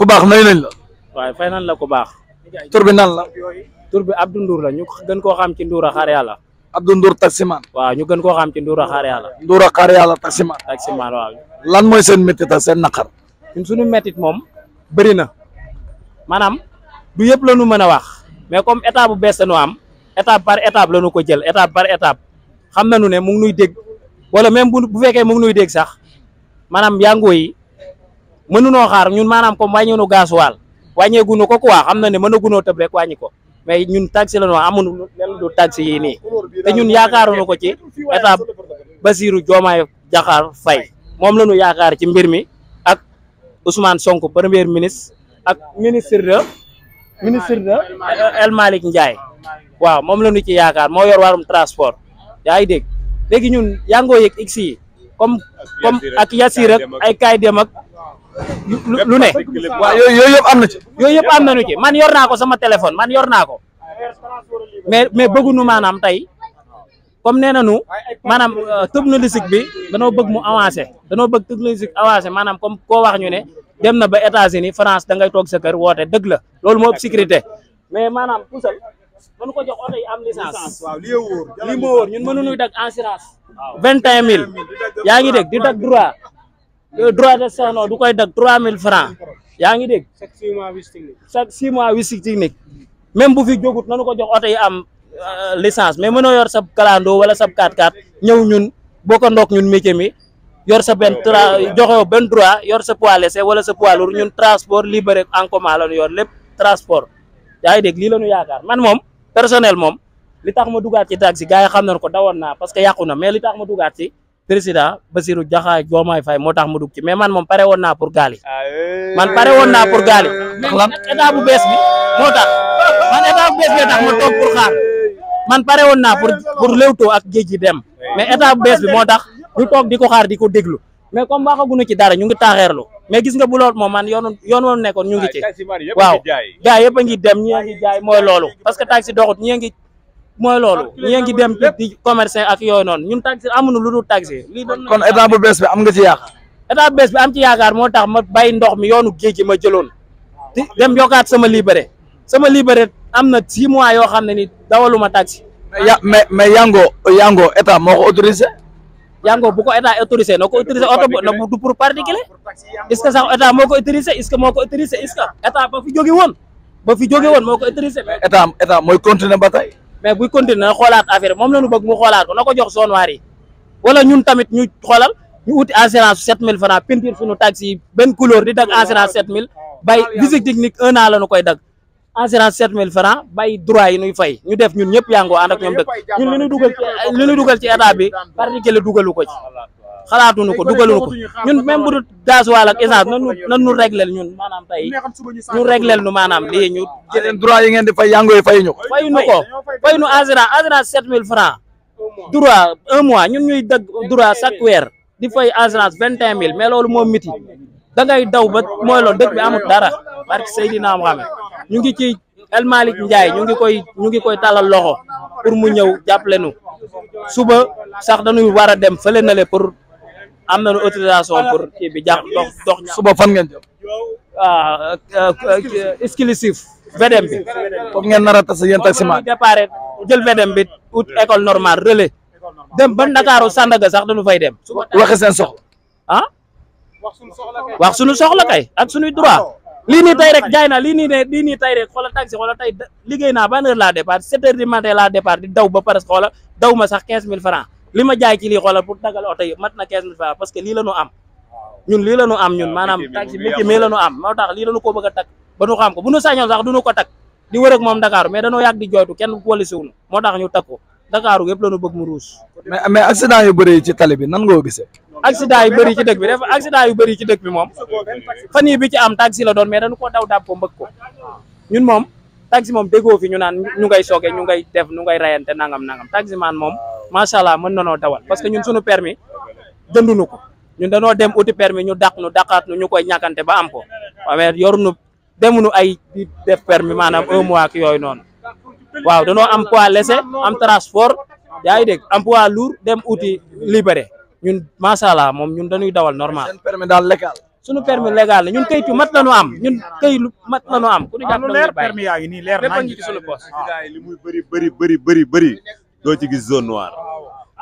ku baax nay nañ la. waaye fay nan la ku baax. tur bi nan la. tur bi Abdou Ndour la ñu gën koo xam ci Ndour a xaar yàlla. Abdou Ndour taximan. waaw ñu gën koo xam ci Ndour a xaar yàlla. Ndour a xaar yàlla taximan. taximan waaw. lan mooy seen métit ak seen naqar. ñun suñu métit moom bëri na maanaam du yëpp la ñu mën a wax mais comme état bu bees nu am étape par étape la ko jël étape par étape xam nañu ne mu ngi nuy dégg wala même bu bu fekkee mu ngi nuy dégg sax maanaam yàngoo yi mënunoo xaar ñun maanaam comme wàññeenu gaasuwaal wàññeegunu ko quoi xam na ne mën a gunoo tëb rek wàññi ko mais ñun taxi la ñu amuñu lenn du taxi yii nii te ñun yaakaaruñu ko ci état Basirou Diomaye Diakhar fay moom la ñu yaakaar ci mbir mi ak Ousmane Sonko premier ministre ak ministre de ministre de El Malick Ndiaye waaw moom la ci yaakaar moo yor warum transport yaa ngi dégg léegi ñun yaa ngoo yëg x comme comme ak Yassir ak ay kaay dem ak lu ne. waaw yooyu ci. yooyu yëpp am nañu ci man yor naa ko sama téléphone man yor naa ko mais mais bëgguñu maanaam tey comme nee nañu maanaam euh, technologique bi danoo bëgg mu avancer danoo bëgg technologique avancé maanaam comme ko wax ñu ne dem na ba États-Unis France da ngay toog sa kër woote dëgg la loolu moo ëpp sécurité mën ko jox oto yi am licence waaw li wóor li moo wóor assurance vingt et mille yaa ngi dégg di dag droit droit de serno du koy dag trois mille francs yaa ngi dég chaque six mois visite technique chaque six mois visite technique même bu fi jógut nanu ko jox oto yi am euh, licence mais mënoo yor sab kalandoo wala sab 4 x ñëw ñun boo ko ndoog ñun métier mi yor sa benn tra joxe ben droit yor sa poids léger wala sa poids ñun transport libéré en commun la ñu yor lépp transport yaa ngi dégg lii la man moom personnel moom li tax ma dugaat ci taxi gars yi xam nañ ko dawoon naa parce que yàqu na mais li tax ma dugaat ci président Bassirou Diakhaye Diomaye fay moo tax ma dug ci mais man moom pare woon naa pour gaal man pare woon naa pour gaal yi ndax bu bees bi moo tax man état bu bees bi tax ma toog pour xaar man pare woon naa pour pour léwtoo ak géej gi dem mais état bu bees bi moo tax ñu toog di ko xaar di ko déglu mais comme waxaguñu ci dara ñu ngi taaxeerlu mais gis nga bu loolu moom man yoonu yoon woon nekkoon ñu ngi ci waaw gars yëpp a ngi dem ñi ngi jaay mooy loolu parce que taxi doxut ñi ngi mooy loolu ñi ngi dem di commerçant ak yooyu noonu ñun taxi amuñu lu dul taxi lii doon kon état bu bees bi am nga ci yaakaar état bu bees bi am ci yaakaar moo tax ma bàyyi ndox mi yoonu géej gi ma jëloon dem yokkaat sama libéré sama libéré am na six mois yoo xam ne ni dawaluma taxi mais mais yango yango état moo ko autorisé yango bu ko état autorisé na ko autorisé oto na du pour particulier est-ce que sax état moo ko autorisé est-ce que moo ko autorisé est-ce que état ba fi jóge woon ba fi jóge woon moo ko autorisé état mooy continuer ba tey mais buy continuer na xoolaat affaire moom la ñu bëgg mu xoolaat ko ko jox zone wala ñun tamit ñu xoolal ñu uti assurance sept mille francs peinture suñu taxi yi couleur di dag assurance sept mille bay ah, visite technique un an koy dag assurance sept mille francs bàyyi droit yi nuy fay ñu def ñun ñëpp yàngoo ànd ak ñoom dëkk ñun li ñu dugal ci li ñu dugal ci état bi ko ci ah, xalaatuñu ko dugaluñu ko ñun même bu dul gasoil ak essence nanu nan ñu réglel ñun maanaam tey ñu réglel nu maanaam lii ñu ah, jëleen droit yi ngeen di fay yàngoo yi fay ñu fay ñu fay ñu assurance assurance sept mille francs droit un mois ñun ñuy dag droit chaque weer di fay assurance vingt et un mille mais loolu moom miti da ngay daw ba mooy loolu dëkk bi amul dara barke Seydina Muhammad ñu ngi ci El Malick Ndiaye ñu ngi koy ñu ngi koy tàllal loxo pour mu ñëw jàppale nu suba sax dañuy war a dem fële na pour am nañu autorisation pour kii bi jàpp dox dox. suba fan ngeen jëm. waaw ah, euh, euh, exclusif VDM bi. foofu ngeen nar a tas yéen taximan. déparé jël VDM bi ut école normal relais. dem ban Ndakaaru Sandaga sax dañu fay dem. waxe seen soxla. ah. wax suñu soxla kay ak sunuy droit. lii nii tey rek jaay naa lii nii ne lii nii tey rek xoola taxi xoola liggéey naa ban heure laa départ sept heures du matin laa départ di daw ba pare xoola daw ma sax quinze mille francs li ma jaay ci lii xoola pour dagal oto mat na quinze mille francs parce que lii la ñu am ñun lii la ñu am ñun maanaam taxi métier mi la ñu am moo tax lii la ñu koo bëgg a takk ba ñu xam ko bu ñu sañoon sax du ñu ko takk di wër moom Dakar mais dañoo yàgg di jooytu kenn wali Dakar yëpp la ñu bëgg mu ruus. mais mais accident yu bëri ci tali nan nga ko gisee. accident yu bëri ci dëkk bi yu bëri ci dëkk bi moom fan yii bi ci am taxi la doon mais dañu koo daw dab ko mbëgg ko ñun moom taxi moom déggoo fi ñu naan ñu ngay sooge ñu ngay def ñu ngay rayante nangam nangam taxi man moom macha allah mën na noo dawal parce que ñun suñu permis jënduñu ko ñun danoo dem uti permis ñu dàq nu dàqaat nu ñu koy ñàkkante ba am ko waaye yoruñu demuñu ay def permis maanaam un mois ak yooyu noonu. waaw danoo am poids léger am transport yaa ngi dégg am poids lourd dem uti libéré ñun macha allah moom ñun dañuy dawal normal. seen permis daal légal. suñu permis légal la ñun kayit yu mat la ñu am ñun kayit lu mat la ñu am. ku ñu leer da yaa ngi nii leer nañ sunu suñu poche. Ah. li muy bëri bëri bëri bëri bëri doo ci gis zone noire.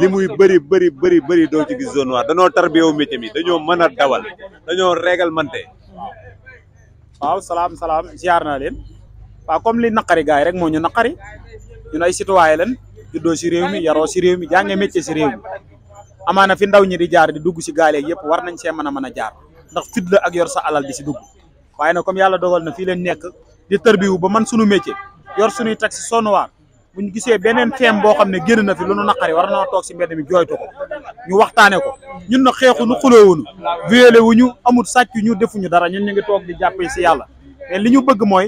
li muy bëri bëri bëri bëri doo ci gis zone noire dañoo tarbiyewu métier mi dañoo mën a dawal dañoo réglementé. waaw salaam salaam ziar naa leen. waaw comme li naqari gars yi rek moo ñu naqari ñun ay citoyen lañ juddoo si réew mi yaroo si réew mi jàngee métier si réew mi amaana fi ndaw ñi di jaar di dugg si gaale yëpp war nañ see mën a mën a jaar ndax fit la ak yor sa alal di si dugg waaye na comme yàlla dogal na fii leen nekk di tërbiwu ba man suñu métier yor suñuy taxi bu ñu gisee beneen feem boo xam ne génn na fi lu nu naqari war na toog si mbedd mi jooytu ko ñu waxtaane ko ñun na xeexuñu xuloowuñu violé wuñu amul sàcc ñu defuñu dara ñun ñu ngi toog di jàppee si yàlla li ñu bëgg mooy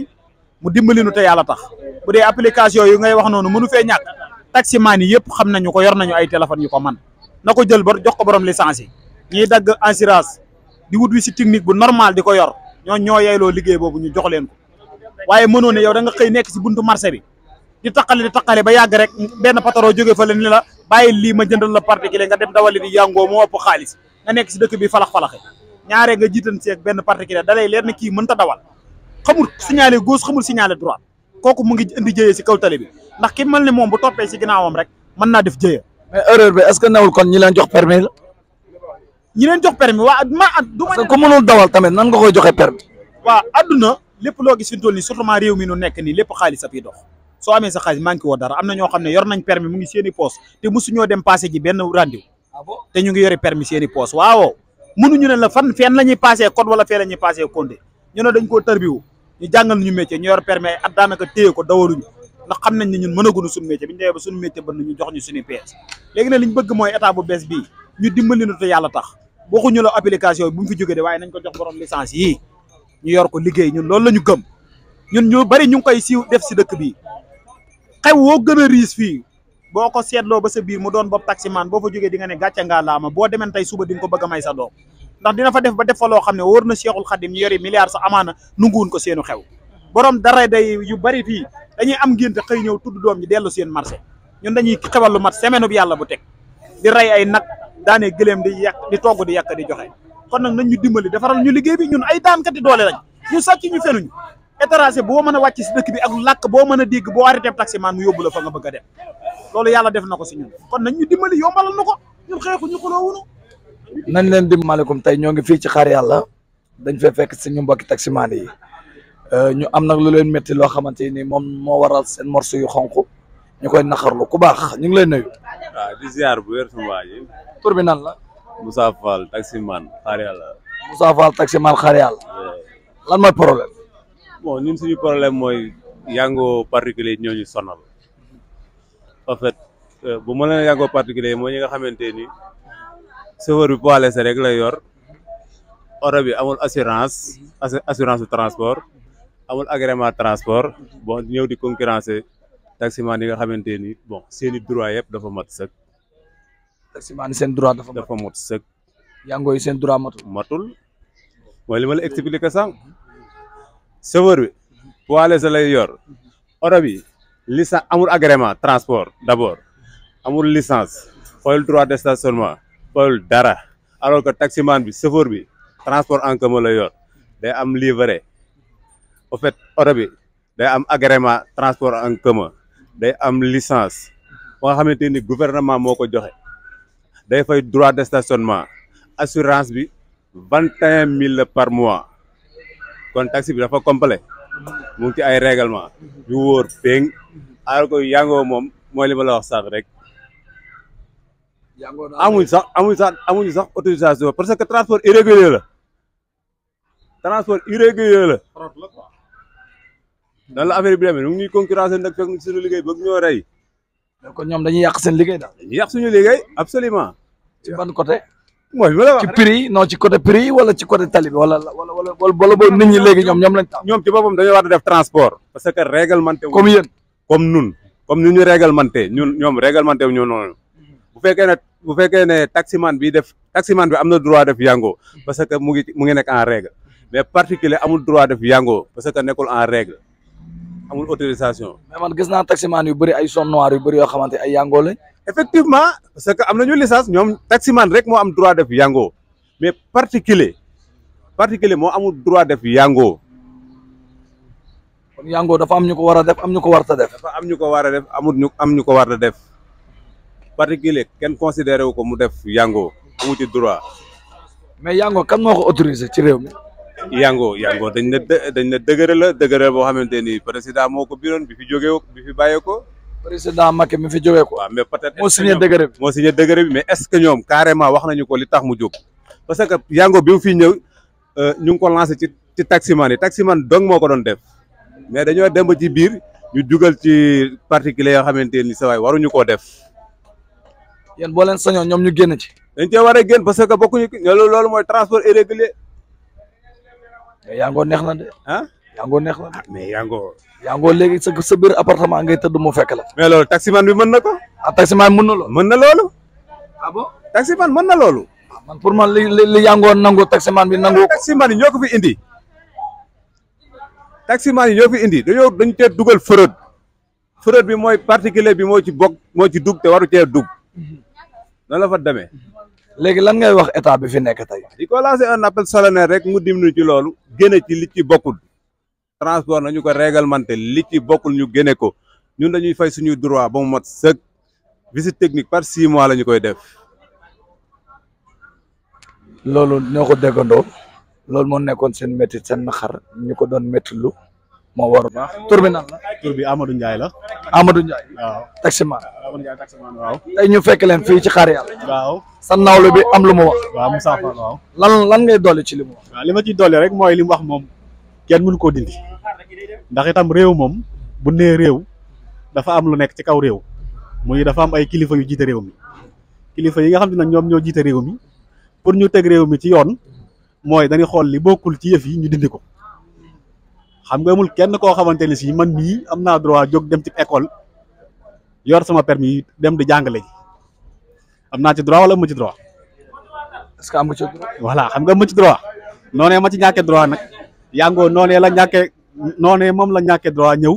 mu dimbali nu te yàlla tax bu dee application yi ngay wax noonu mënu fee ñàkk taximaan yi yëpp xam nañu ko yor nañu ay téléphones yu ko man na ko jël ba jox ko borom licence yi ñiy dagg assurance di wut wi si technique bu normal di ko yor ñoo ñoo yeyloo liggéey boobu ñu jox leen ko waaye mënoo ne yow da nga xëy nekk si buntu marché bi di taqale di taqale ba yàgg rek benn pataro jóge fa leen ni la bàyyi lii ma jëndal la particulier nga dem dawali di yàngoo moo ëpp xaalis nga nekk si dëkk bi falax-falaxe ñaaree nga jiitan seeg benn particulier dalay leer na kii mën dawal xamul signalé gauche xamul signalé droite kooku mu ngi indi jëye si kaw tali bi ndax ki mel ni moom bu toppee si ginnaawam rek mën naa def jëye. mais erreur bi est-ce que newul kon ñi leen jox permis la. ñi leen jox permis waa ma at ah, du ma. ku mënul dawal tamit nan nga koy joxe permis. waa adduna lépp loo gis fi mu toll nii surtout maa réew mi nu nekk nii lép xaalis a fiy dox. soo amee sa xaalis manqué woo dara am na ñoo xam ne yor nañ permis mu ngi seeni poos te mosuñoo dem passé ji benn rendez-vous ah ñu ngi yori permis seeni poos waaw mënuñu ne la fan fenn la ñuy passé code wala fee la ñuy passé condé ñu ne dañ ñu jàngal ñu métier ñu yor permis at daanaka téye ko dawaluñu ndax xam nañ ne ñun mënaguñu suñu métier bi ñu demee ba suñu métier ban ñu jox ñu suñu pièces léegi nag li ñu bëgg mooy état bu bees bii ñu dimbali nu te yàlla tax waxuñu la application bu mu fi jógee de waaye nañ ko jox borom licence yii ñu yor ko liggéey ñun loolu la ñu gëm ñun ñu bari ñu ngi koy siiw def si dëkk bi xew woo gën a riis fii boo ko seetloo ba sa biir mu doon bopp taximaan boo fa jógee di nga ne gàcce ngaa laama boo demeen suba di nga ko bëgg a may sa doom ndax dina fa def ba def fa loo xam ne wóor na Cheikhul Khadim ñu yori milliards sax amaana nunguwun ko seenu xew borom dara day yu bari fii dañuy am ngénte xëy ñëw tudd doom ñi dellu seen marché ñun dañuy xewal lu mat semaine bu yàlla bu teg di rey ay nag daanee gëléem di yàq di togg di yàq di joxe kon nag nañ ñu dimbali defaral ñu liggéey bi ñun ay daankati doole lañ ñu sàcc ñu fenuñ étranger boo mën a wàcc si dëkk bi ak làkk boo mën a dégg boo arrêté taxi man mu yóbbu la fa nga bëgg a dem loolu yàlla def na ko si ñun kon nañ ñu dimbali yombalal nan leen di maaleykum tey ñoo ngi fii ci xaar yàlla dañ fee fekk suñu mbokki taximaan yi euh, ñu am nag lu leen métti loo xamante ni moom moo waral seen morceau yu xonq ñu koy naxarlu ku baax ñu ngi lay nuyu. waaw di ziar bu wér sama waa ji. tur bi nan la. Moussa Fall taximaan xaar yàlla. Moussa Fall taximaan xaar yàlla. lan mooy problème. bon ñun suñu problème mooy yango particulier ñoo ñu sonal en euh, bu ma leen yango particulier mooy ñi nga xamante ni. chauffeur bi poids léger rek lay yor oto bi amul assurance assurance du transport amul agrément transport bon ñëw di concurrencer taximan yi nga xamante ni bon seen i droit yëpp dafa mat sëkk. taximan seen droit dafa dafa mat sëkk. yango yi seen droit matul. matul mooy li ma la expliqué sànq bi poids léger lay yor oto bi licence amul agrément transport d' abord amul licence xool droit de toppal dara alors que taximan bi chauffeur bi transport en commun la yor day am livré o fait oto bi day am agrément transport en commun day am licence ba nga xamante ni gouvernement moo ko joxe day fay droit de stationnement assurance bi vingt et un mille par mois kon taxi bi dafa complet mu ngi ci ay règlement yu wóor péng alors que yangoo moom mooy li ma la wax sax rek amuñ sax amuñ sax amuñ sax autorisation parce que transport irrégulier la transport irrégulier la nan la affaire bi demee nu ñuy concurrence nag fekk suñu liggéey bëgg ñoo rey kon ñoom dañuy yàq seen liggéey daal yàq suñu liggéey absolument ci ban côté mooy bi ma ci prix yi non ci côté wala ci côté tali bi wala wala wala wala boobu nit ñi léegi ñoom ñoom lañ tax ñoom ci boppam dañoo war a def transport parce que réglementé comme yéen comme nun comme ni ñu réglementé ñun ñoom réglementé wu ñu noonu bu fekkee ne bu fekkee ne taximan bi def taximan bi am na droit def yango parce que mu ngi mu ngi nekk en règle mais particulier amul droit def yango parce que nekkul en règle amul autorisation. mais man gis naa taximan yu bëri ay son noir yu bëri yoo xamante ay yango lañ. effectivement parce que am nañu licence ñoom taximan rek moo am droit def yango mais particulier particulier moo amul droit def yango. kon dafa am ñu ko war a def am ñu ko war def. am ñu ko war def amul ñu am ñu ko war def. particulier kenn considéré wu ko mu def yango amu ci droit. mais yango kan moo ko autorisé ci réew mi. yango yango dañ na dañ na dëgëral la dëgëral boo xamante ni président moo ko biroon bi fi jógee bi fi bàyyee ko. président mi fi jógee ko. waaw mais peut être moo signé dëgëral bi moo signé dëgëral bi mais est ñoom carrément wax nañu ko li tax mu jóg. parce que yango bi mu fi ñëw euh, ñu ngi ko lancé ci ci taximan yi taximan dong moo ko doon def mais dañoo dem ba ci biir ñu jugal ci particulier yoo xamante ni sa waay waruñu koo def. yéen boo leen sañoon ñoom ñu génna ci. dañ cee war a génn parce que bokkuñu loolu mooy transport irrégulier. neex na de. ah neex na de. mais Yango. Yango léegi sa sa biir appartement ngay tëdd mu fekk la. mais loolu taximan bi mën na ko. ah taximan mën na loolu. mën na loolu. ah bon taximan mën na loolu. Ah, man pour man li li Yango nangu taximan bi nangu. taximan yi ñoo ko fi indi. yi ñoo fi indi dañoo dañ tee dugal fraude fraude bi mooy particulier bi moo ci bokk moo ci dugg te waru cee dugg mhm. loolu la fa demee. léegi lan ngay wax état bi fi nekk tey. di ko lancer un appel solennel rek mu dimnu ci loolu génne ci li ci bokkul na ñu ko réglementé li ci bokkul ñu génne ko ñun dañuy fay suñuy droit ba mu mat sëg visite technique par six mois lañu koy def. loolu ñoo ko déggandoo loolu moo nekkoon seen métti seen naxar ñu ko doon métti moo war baax tur bi nan la. tur bi Amadou Ndiaye la. Amadou Ndiaye. waaw taximan. tey ñu fekk leen fii ci xaar yàlla. waaw sa nawle bi am lu ma wax. waaw Moussa Fall waaw. lan lan ngay dolli ci li mu li ma ciy dolli rek mooy li mu wax moom kenn mënu koo dindi ndax itam réew moom bu nee réew dafa am lu nekk ci kaw réew muy dafa am ay kilifa yu jiite réew mi kilifa yi nga xam na ñoom ñoo jiite réew mi pour ñu teg réew mi ci yoon mooy dañuy xool li bokkul ci yëf yi ñu dindi ko. xam nga amul kenn koo xamante ne si man mii am naa droit jóg dem ci école yor sama permis dem di jàngale am naa ci droit wala ma ci droit. est que am nga ci droit. voilà ci droit noonee ma ci ñàkkee droit nag yàngoo noonee la ñàkkee noonee moom la ñàkkee droit ñëw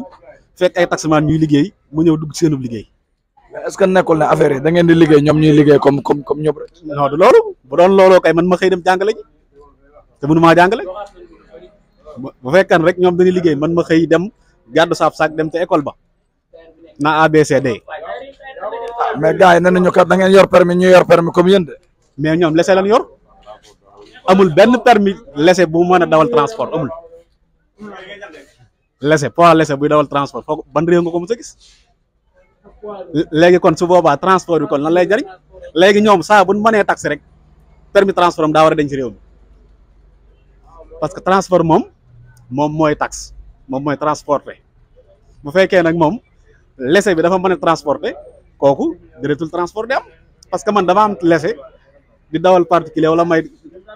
fekk ay taximaan ñuy liggéey mu ñëw dugg seenub liggéey. est-ce que nekkul ne affaire yi di liggéey ñoom ñuy liggéey comme comme comme ñoom rek. non du loolu bu doon kay man ma xëy dem jàngale te mënu maa jàngale. bu fekkan rek ñoom dañuy liggéey man ma xëy dem gàddu saab saak dem te école ba na ABCD. mais gars yi nee nañu kat da ngeen yor permis ñu yor permis comme yéen de. mais ñoom lese lan yor amul benn permis lese bu mën a dawal transport amul lese poids lese buy dawal transport foo ban réew nga ko mos a kon su boobaa transport bi kon lan lay jariñ léegi ñoom saa bu ñu mënee taxi rek permis transport am daa war parce que transport moom. moom mooy tax moom mooy transporter bu fekkee nag moom lese bi dafa mën a transporter kooku deretul transport am parce que man dama am lese di dawal particulier wala may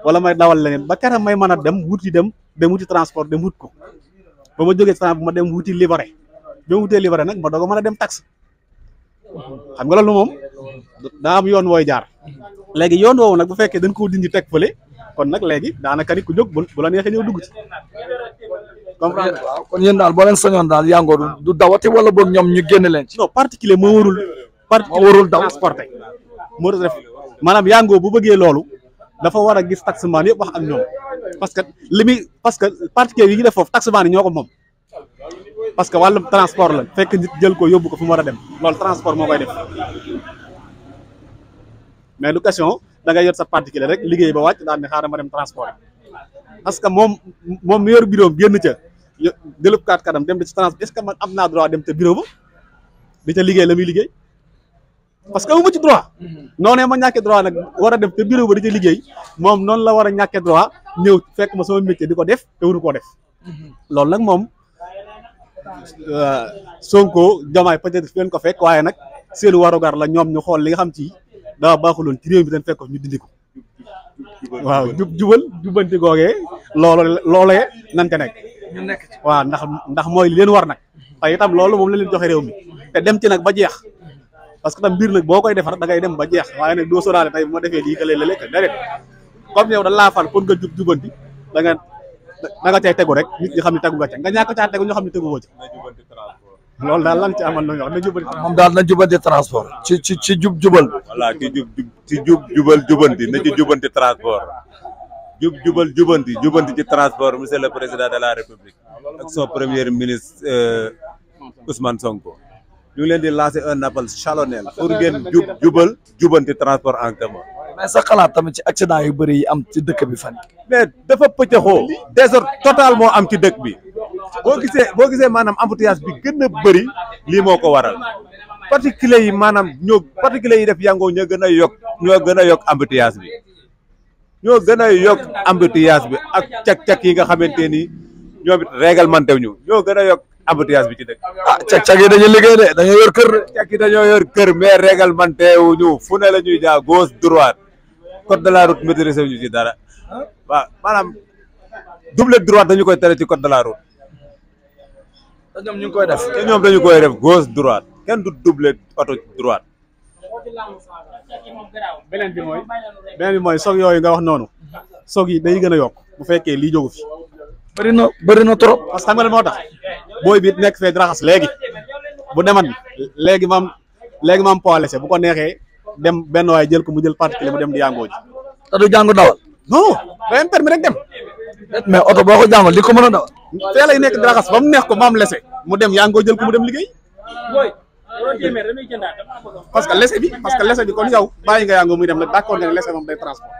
wala may dawal leneen ba keroog may mën a dem wuti dem dem wuti transport dem wut ko ba ma jógee bu ma dem wuti libéré ba wutee libéré nag ma doog a mën a dem tax xam nga loolu moom daa am yoon wooy jaar léegi yoon woowu nag bu fekkee dañ koo dindi teg fële kon nag léegi daanaka ni ku jóg bu la neexee ñëw dugg ci. comprendre waaw daal boo leen sañoon daal Yangoor du dawati wala boog ñoom ñu génne leen ci. non particulier moo warul. particulier moo warul daw transporté. moo def maanaam Yangoor bu bëggee loolu dafa war a gis taximaan yëpp wax ak ñoom parce que li muy parce que particulier yi ñu def foofu taximaan yi ñoo ko moom. parce que wàllum transport la fekk nit jël ko yóbbu ko fu mu war a dem loolu transport moo koy def mais location da ngay yor sa particulier rek liggéey ba wàcc daal ne xaaral ma dem transport parce que moom moom mi yor bureau génn ca jëlub kaat kanam dem ci transport est-ce que man am naa droit dem te bureau ba ca liggéey la muy liggéey parce que amu ma ci droit noonee ma ñàkkee droit nag war a dem te bureau ba liggéey moom noonu la war a ñàkkee droit ñëw fekk ma soo métier di ko def te waru koo def loolu nag moom euh, Sonko Diomaye peut-être fi leen ko fekk waaye nag seenu warugar la ñoom ñu xool li nga xam ci daa baaxuloon ci réew mi dañ fekk ñu dindi ko waaw jub jubal jubbanti googee loolu loolee nan ca nekk waaw ndax ndax mooy li leen war nag te tam loolu moom la leen joxe réew mi te dem ci nag ba jeex parce que tam mbir nag boo koy defar da ngay dem ba jeex waaye nag doo sóoraale tey bu ma defee lii ka léeg-léeg ka déedéet comme yow da laa fal pour nga jub jubanti da nga da nga cay tegu rek nit ñi xam ne tegu nga ca nga ñàkk caa ñoo xam ne tegu woo ca loolu daal lan ci amal lu ñu wax na jubal ah, moom daal na jubanti transport ci ci ci jub jubal voilà ci jub ci jub jubal jubanti na ci jubanti transport jub jubal jubanti jubanti ci transport monsieur le président de la république ak son premier ministre euh, Ousmane Sonko ñu ngi leen di lancer un appel chalonnel pour gen jubal jubanti transport en commun mais sa xalaat tamit ci accident yu bëri yi am ci dëkk bi fan mais dafa pëccëxoo désordre total moo am ci dëkk bi boo gisee boo gisee maanaam embouteillage bi gën a bëri lii moo ko waral particulier yi maanaam ñoo particulier yi def yàngoo ñoo gën a yokk ñoo gën yok yokk bi ñoo gën a yokk embouteillage bi ak cag-cag yi nga xamante ni ñoom it réglementé ñu ñoo gën a yokk embouteillage bi ci dëkk ah cag-cag yi dañuy liggéey de dañoo yor kër cag yi dañoo yor kër mais réglementé wu ñu fu ne la ñuy jaa gauche droite de la route maîtrisé wu ñu ci dara ah. waaw maanaam double droite dañu koy tere ci code de la ñoom ñu ngi koy def te ñoom dañu koy def gauche droite kenn du double oto droite. beneen bi mooy beneen bi mooy soog yooyu nga wax noonu soog yi day gën a yokk bu fekkee lii jógu fi. bëri na bëri na trop. parce que xam nga moo tax booy bi nekk fee raxas léegi bu demat léegi maam léegi maam poids laissé bu ko neexee dem benn waay jël ko mu jël particulier mu dem di yàngoo ji. te du jàngu dawal. non day am permis rek dem. mais oto boo ko jàngal li ko mën a dawal. fee lay nekk di ba mu neex ko maam lese mu dem yaa ngi koy jël ko mu dem liggéey. parce que lese bi parce que lese bi kon yow bàyyi nga yaa ngi muy dem nag d'accord nga ne lese moom day transport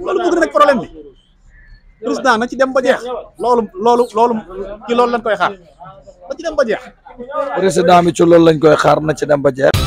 loolu bëgg na nag problème bi président na ci dem ba jeex loolu loolu loolu ci loolu lañ koy xaar na ci dem ba jeex. président bi ci loolu lañ koy xaar na ci dem ba jeex.